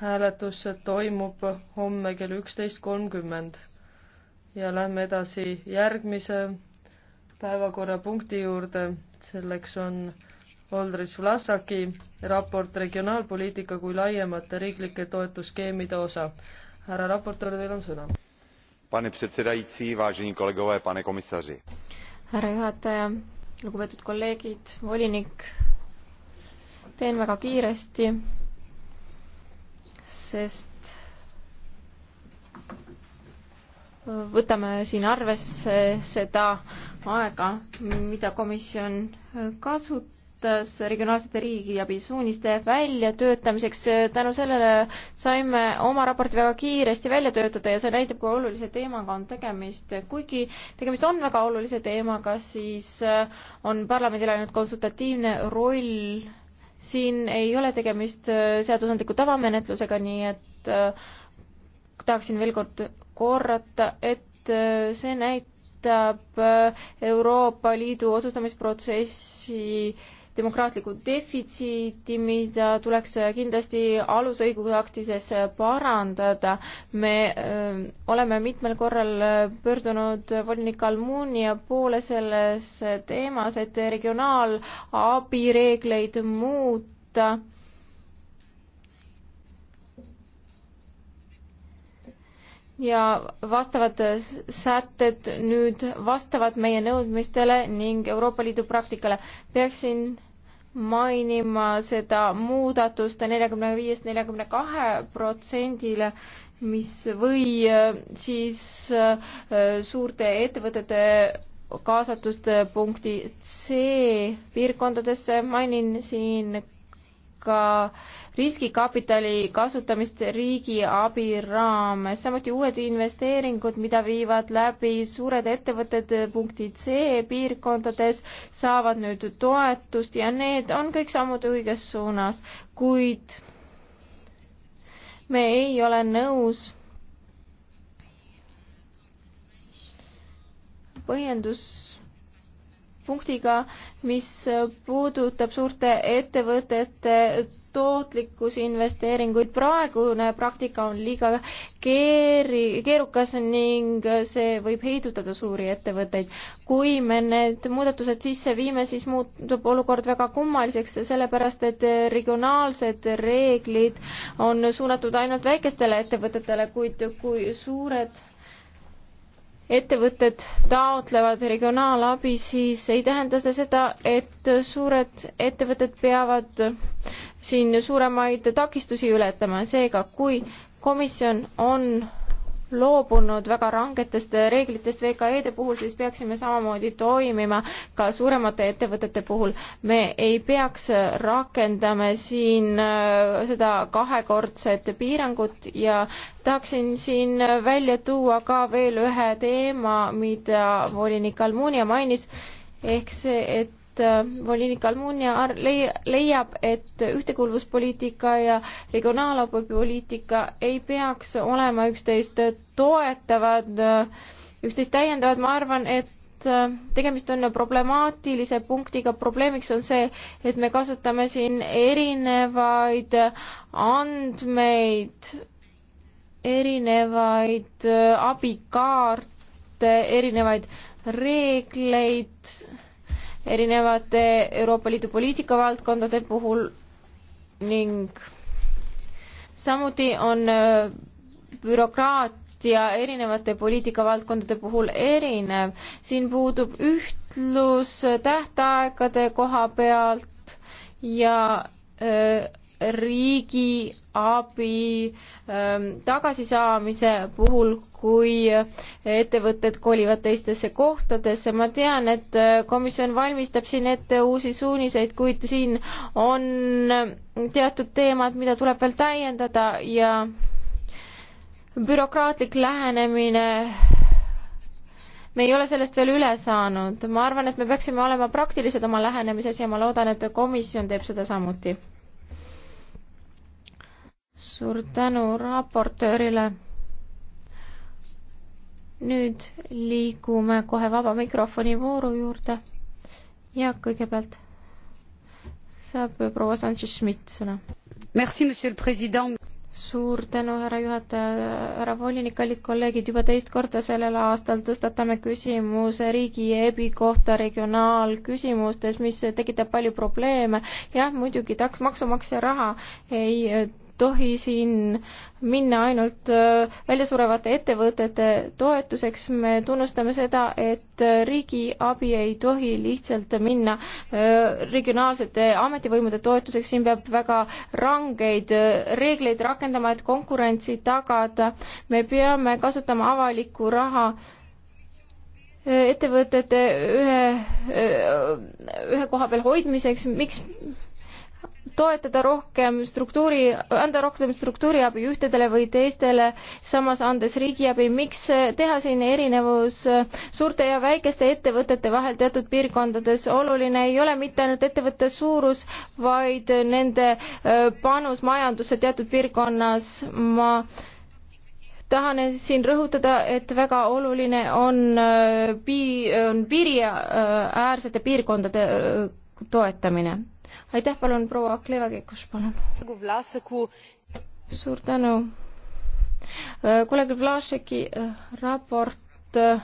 hääletus toimub homme kell üksteist kolmkümmend ja lähme edasi järgmise päevakorrapunkti juurde, selleks on Oldrich Vlasaki raport regionaalpoliitika kui laiemate riiklike toetusskeemide osa. härra raportöör, teil on sõna. pane predsedaitsi, važeni kolegove, pane komissari. härra juhataja, lugupeetud kolleegid, volinik, teen väga kiiresti sest võtame siin arvesse seda aega, mida komisjon kasutab kasutas regionaalsete riigiabi suuniste väljatöötamiseks. tänu sellele saime oma raporti väga kiiresti välja töötada ja see näitab, kui olulise teemaga on tegemist. kuigi tegemist on väga olulise teemaga, siis on parlamendil ainult konsultatiivne roll siin ei ole tegemist äh, seadusandliku tavamenetlusega, nii et äh, tahaksin veel kord korrata, et äh, see näitab Euroopa Liidu otsustamisprotsessi demokraatlikku defitsiiti, mida tuleks kindlasti alusõigusaktides parandada. me öö, äh, oleme mitmel korral pöördunud volinik Almunia poole selles teemas, et regionaalabireegleid muuta ja vastavad sätted nüüd vastavad meie nõudmistele ning Euroopa Liidu praktikale. peaksin mainima seda muudatust neljakümne viiest neljakümne kahe protsendile, mis või äh, siis äh, suurte ettevõtete kaasatust äh, punkti C piirkondadesse, mainin siin ka riskikapitali kasutamist riigiabi raames, samuti uued investeeringud, mida viivad läbi suured ettevõtted punkti C piirkondades, saavad nüüd toetust ja need on kõik sammud õiges suunas, kuid me ei ole nõus põhjendus punktiga, mis puudutab suurte ettevõtete tootlikkusinvesteeringuid. praegune praktika on liiga keeri, keerukas ning see võib heidutada suuri ettevõtteid. kui me need muudatused sisse viime, siis muutub olukord väga kummaliseks, sellepärast et regionaalsed reeglid on suunatud ainult väikestele ettevõtetele, kuid kui suured ettevõtted taotlevad regionaalabi, siis ei tähenda see seda, et suured ettevõtted peavad siin suuremaid takistusi ületama, seega kui komisjon on loobunud väga rangetest reeglitest VKE-de puhul, siis peaksime samamoodi toimima ka suuremate ettevõtete puhul. me ei peaks rakendama siin äh, seda kahekordset piirangut ja tahaksin siin välja tuua ka veel ühe teema, mida volinik Almunia mainis, ehk see, et et äh, volinik Almunia leiab, et ühtekuuluvuspoliitika ja regionaalabipoliitika ei peaks olema üksteist toetavad, äh, üksteist täiendavad, ma arvan, et äh, tegemist on problemaatilise punktiga, probleemiks on see, et me kasutame siin erinevaid andmeid, erinevaid abikaarte, erinevaid reegleid erinevate Euroopa Liidu poliitikavaldkondade puhul ning samuti on äh, bürokraatia erinevate poliitikavaldkondade puhul erinev. siin puudub ühtlus tähtaegade koha pealt ja öö, äh, riigiabi ähm, tagasisaamise puhul, kui ettevõtted kolivad teistesse kohtadesse. ma tean, et äh, komisjon valmistab siin ette uusi suuniseid, kuid siin on ähm, teatud teemad, mida tuleb veel täiendada ja bürokraatlik lähenemine me ei ole sellest veel üle saanud. ma arvan, et me peaksime olema praktilised oma lähenemises ja ma loodan, et komisjon teeb seda samuti suur tänu raportöörile. nüüd liigume kohe vaba mikrofoni vooru juurde ja kõigepealt saab proua Sanchez-Schmidt sõna. suur tänu, härra juhataja, härra volinik, kallid kolleegid, juba teist korda sellel aastal tõstatame küsimuse riigi EBI kohta regionaalküsimustes, mis tekitab palju probleeme. jah, muidugi taks-, maksumaksja raha ei tohi siin minna ainult äh, väljasurevate ettevõtete toetuseks, me tunnustame seda, et riigiabi ei tohi lihtsalt minna äh, regionaalsete ametivõimude toetuseks, siin peab väga rangeid äh, reegleid rakendama, et konkurentsi tagada. me peame kasutama avalikku raha ettevõtete ühe, ühe koha peal hoidmiseks, miks toetada rohkem struktuuri, anda rohkem struktuuriabi ühtedele või teistele, samas andes riigiabi. miks teha siin erinevus suurte ja väikeste ettevõtete vahel teatud piirkondades? oluline ei ole mitte ainult ettevõtte suurus, vaid nende panus majandusse teatud piirkonnas. ma tahan siin rõhutada, et väga oluline on pii-, on piiriäärsete piirkondade toetamine aitäh, palun proua Kleva Kikus, palun. suur tänu. kolleeg Vlašeki äh, raport äh,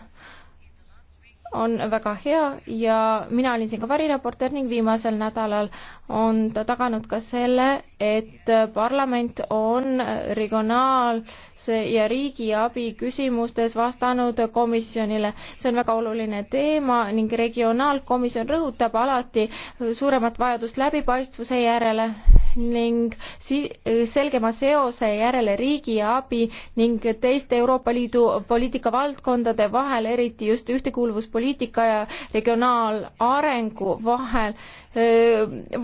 on väga hea ja mina olin siin ka varireporter ning viimasel nädalal on ta taganud ka selle, et parlament on regionaalse ja riigiabi küsimustes vastanud komisjonile. see on väga oluline teema ning regionaalkomisjon rõhutab alati suuremat vajadust läbipaistvuse järele ning si-, selgema seose järele riigiabi ning teiste Euroopa Liidu poliitikavaldkondade vahel, eriti just ühtekuuluvuspoliitika ja regionaalarengu vahel.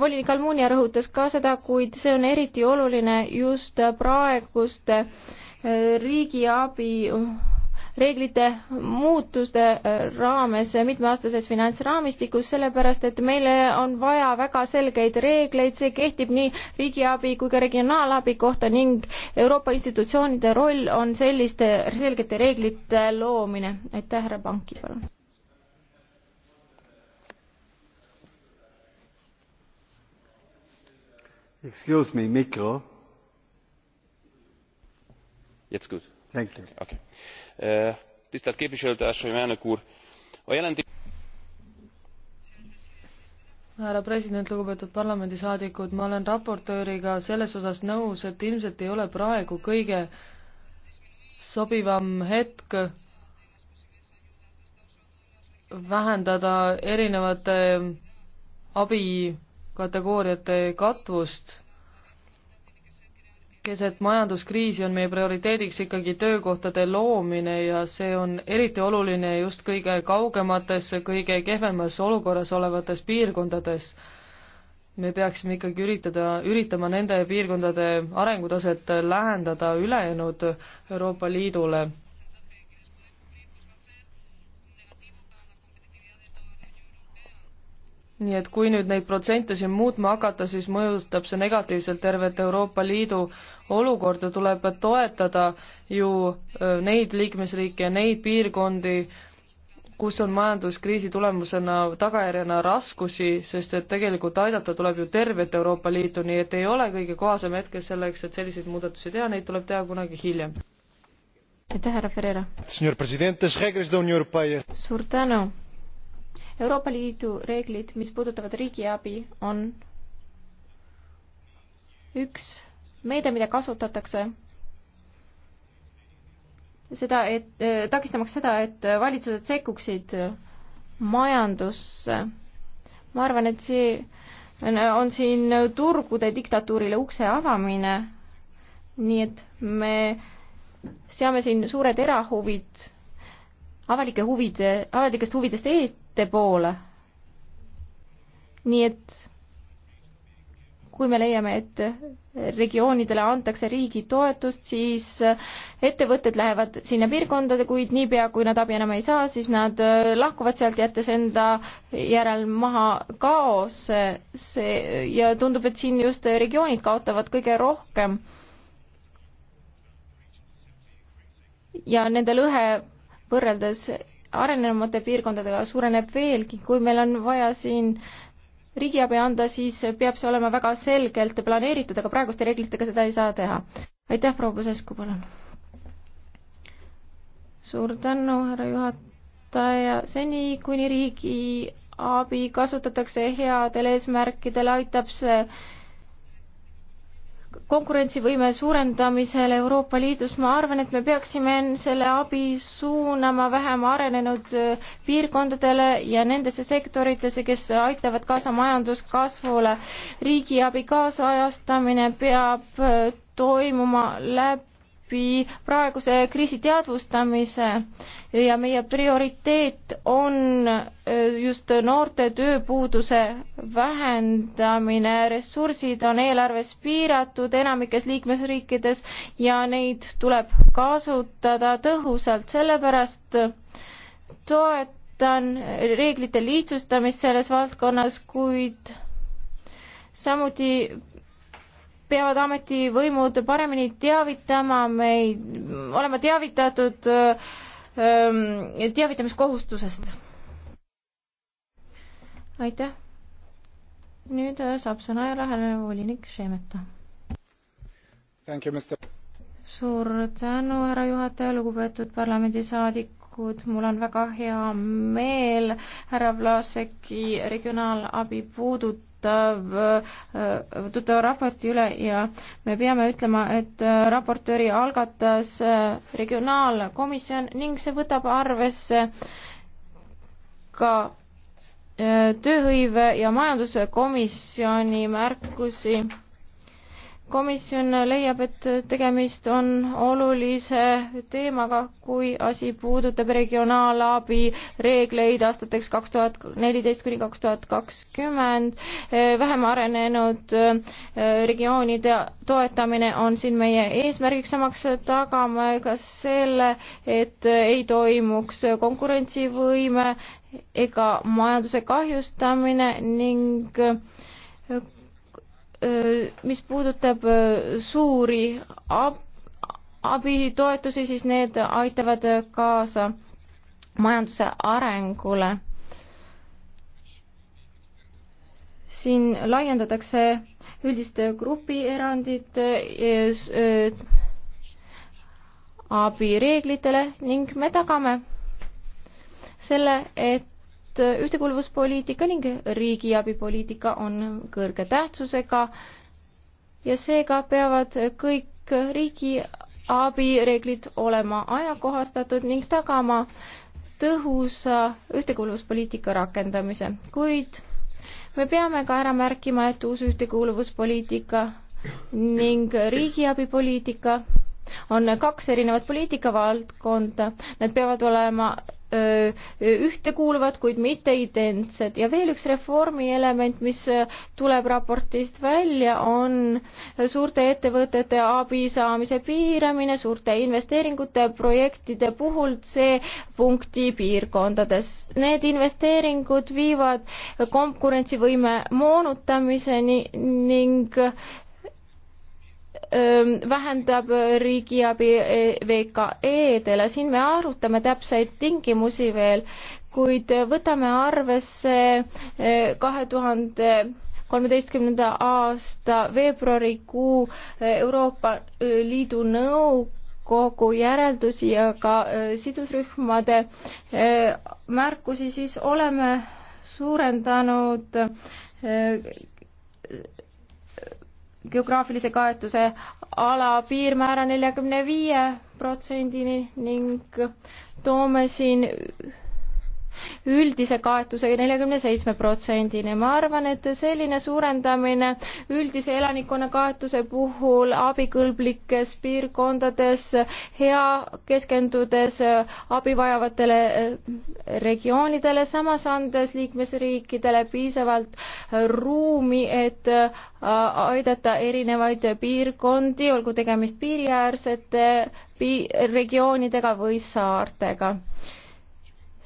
volinik Almunia rõhutas ka seda, kuid see on eriti oluline just praeguste riigiabi reeglite muutuste raames mitmeaastases finantsraamistikus, sellepärast et meile on vaja väga selgeid reegleid, see kehtib nii riigiabi kui ka regionaalabi kohta ning Euroopa institutsioonide roll on selliste selgete reeglite loomine. aitäh, härra Panki, palun. Excuse me, mikro. Jetzt gut. Thank you. Okay tisztelt képviselőtársaim elnök úr! a jelentés. härra president lugupeetud parlamendisaadikud ma olen raportööriga selles osas nõus et ilmselt ei ole praegu kõige sobivam hetk vähendada erinevate abikategooriate katvust keset majanduskriisi on meie prioriteediks ikkagi töökohtade loomine ja see on eriti oluline just kõige kaugemates, kõige kehvemas olukorras olevates piirkondades. me peaksime ikkagi üritada, üritama nende piirkondade arengutaset lähendada ülejäänud Euroopa Liidule nii et kui nüüd neid protsente siin muutma hakata, siis mõjutab see negatiivselt tervet Euroopa Liidu olukorda, tuleb toetada ju neid liikmesriike ja neid piirkondi, kus on majanduskriisi tulemusena, tagajärjena raskusi, sest et tegelikult aidata tuleb ju tervet Euroopa Liitu, nii et ei ole kõige kohasem hetkel selleks, et selliseid muudatusi teha, neid tuleb teha kunagi hiljem. aitäh, härra Ferreira! suur tänu! Euroopa Liidu reeglid, mis puudutavad riigiabi, on üks meede, mida kasutatakse seda, et äh, takistamaks seda, et valitsused sekkuksid majandusse. ma arvan, et see on siin turgude diktatuurile ukse avamine. nii et me seame siin suured erahuvid avalike huvide, avalikest huvidest eest, poole. nii et kui me leiame, et regioonidele antakse riigi toetust, siis ettevõtted lähevad sinna piirkondade, kuid niipea, kui nad abi enam ei saa, siis nad äh, lahkuvad sealt, jättes enda järel maha kaos. see ja tundub, et siin just regioonid kaotavad kõige rohkem. ja nende lõhe võrreldes arenenumate piirkondadega suureneb veelgi, kui meil on vaja siin riigiabi anda, siis peab see olema väga selgelt planeeritud, aga praeguste reeglitega seda ei saa teha. aitäh, proua Pusescu, palun. suur tänu, härra juhataja, seni kuni riigiabi kasutatakse headel eesmärkidel, aitab see konkurentsivõime suurendamisel Euroopa Liidus, ma arvan, et me peaksime selle abi suunama vähem arenenud äh, piirkondadele ja nendesse sektoritesse, kes aitavad kaasa majanduskasvule. riigiabi kaasajastamine peab äh, toimuma läbi läbi praeguse kriisi teadvustamise ja meie prioriteet on äh, just noorte tööpuuduse vähendamine. ressursid on eelarves piiratud enamikes liikmesriikides ja neid tuleb kasutada tõhusalt, sellepärast toetan reeglite lihtsustamist selles valdkonnas, kuid samuti peavad ametivõimud paremini teavitama meid, olema teavitatud ähm, teavitamiskohustusest. aitäh. nüüd äh, saab sõna järele volinik Šemeta. suur tänu, härra juhataja, lugupeetud parlamendisaadik tegelikult mul on väga hea meel härra Vlaseki regionaalabi puudut-, puudutav, puudutava äh, raporti üle ja me peame ütlema, et äh, raportööri algatas äh, regionaalkomisjon ning see võtab arvesse ka tööhõive ja majanduskomisjoni märkusi komisjon leiab, et tegemist on olulise teemaga, kui asi puudutab regionaalabi reegleid aastateks kaks tuhat neliteist kuni kaks tuhat kakskümmend. vähem arenenud äh, regioonide toetamine on siin meie eesmärgiks, samaks tagame ka selle, et ei toimuks konkurentsivõime ega majanduse kahjustamine ning mis puudutab suuri ab-, abitoetusi, siis need aitavad kaasa majanduse arengule. siin laiendatakse üldist grupierandit abireeglitele ning me tagame selle, et et äh, ühtekuuluvuspoliitika ning riigiabipoliitika on kõrge tähtsusega ja seega peavad kõik riigiabireeglid olema ajakohastatud ning tagama tõhusa ühtekuuluvuspoliitika rakendamise, kuid me peame ka ära märkima, et uus ühtekuuluvuspoliitika ning riigiabipoliitika on kaks erinevat poliitikavaldkonda, need peavad olema ühtekuuluvad, kuid mitte identsed ja veel üks reformi element, mis tuleb raportist välja, on suurte ettevõtete abi saamise piiramine suurte investeeringute projektide puhul C-punkti piirkondades. Need investeeringud viivad konkurentsivõime moonutamiseni ning vähendab riigiabi VKE-dele, siin me arutame täpseid tingimusi veel, kuid võtame arvesse kahe tuhande kolmeteistkümnenda aasta veebruarikuu Euroopa Liidu Nõukogu järeldusi ja ka sidusrühmade märkusi, siis oleme suurendanud geograafilise kaetuse ala piirmäära neljakümne viie protsendini ning toome siin üldise kaetusega neljakümne seitsme protsendini. ma arvan, et selline suurendamine üldise elanikkonna kaetuse puhul abikõlblikes piirkondades, hea keskendudes abi vajavatele eh, regioonidele, samas andes liikmesriikidele piisavalt ruumi, et eh, aidata erinevaid piirkondi, olgu tegemist piiriäärsete pi-, regioonidega või saartega.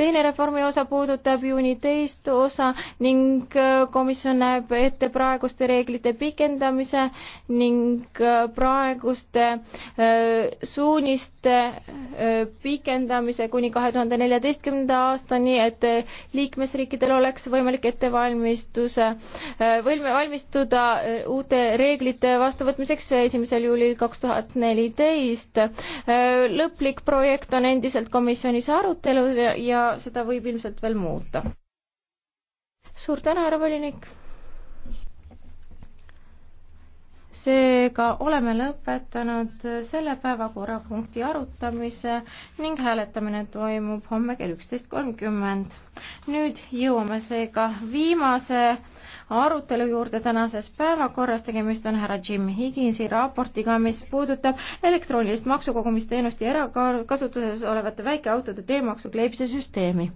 teine reformi osa puudutab juuni teist osa ning äh, komisjon näeb ette praeguste reeglite pikendamise ning äh, praeguste äh, suuniste pikendamise kuni kahe tuhande neljateistkümnenda aastani, et liikmesriikidel oleks võimalik ettevalmistuse, valmistuda uute reeglite vastuvõtmiseks esimesel juulil kaks tuhat neliteist. lõplik projekt on endiselt komisjonis arutelul ja ja seda võib ilmselt veel muuta. suur tänu, härra volinik. seega oleme lõpetanud selle päevakorrapunkti arutamise ning hääletamine toimub homme kell üksteist kolmkümmend. nüüd jõuame seega viimase arutelu juurde tänases päevakorras. tegemist on härra Jim Higginsi raportiga, mis puudutab elektroonilist maksukogumisteenust ja erakasutuses olevate väikeautode teemaksu kleebise süsteemi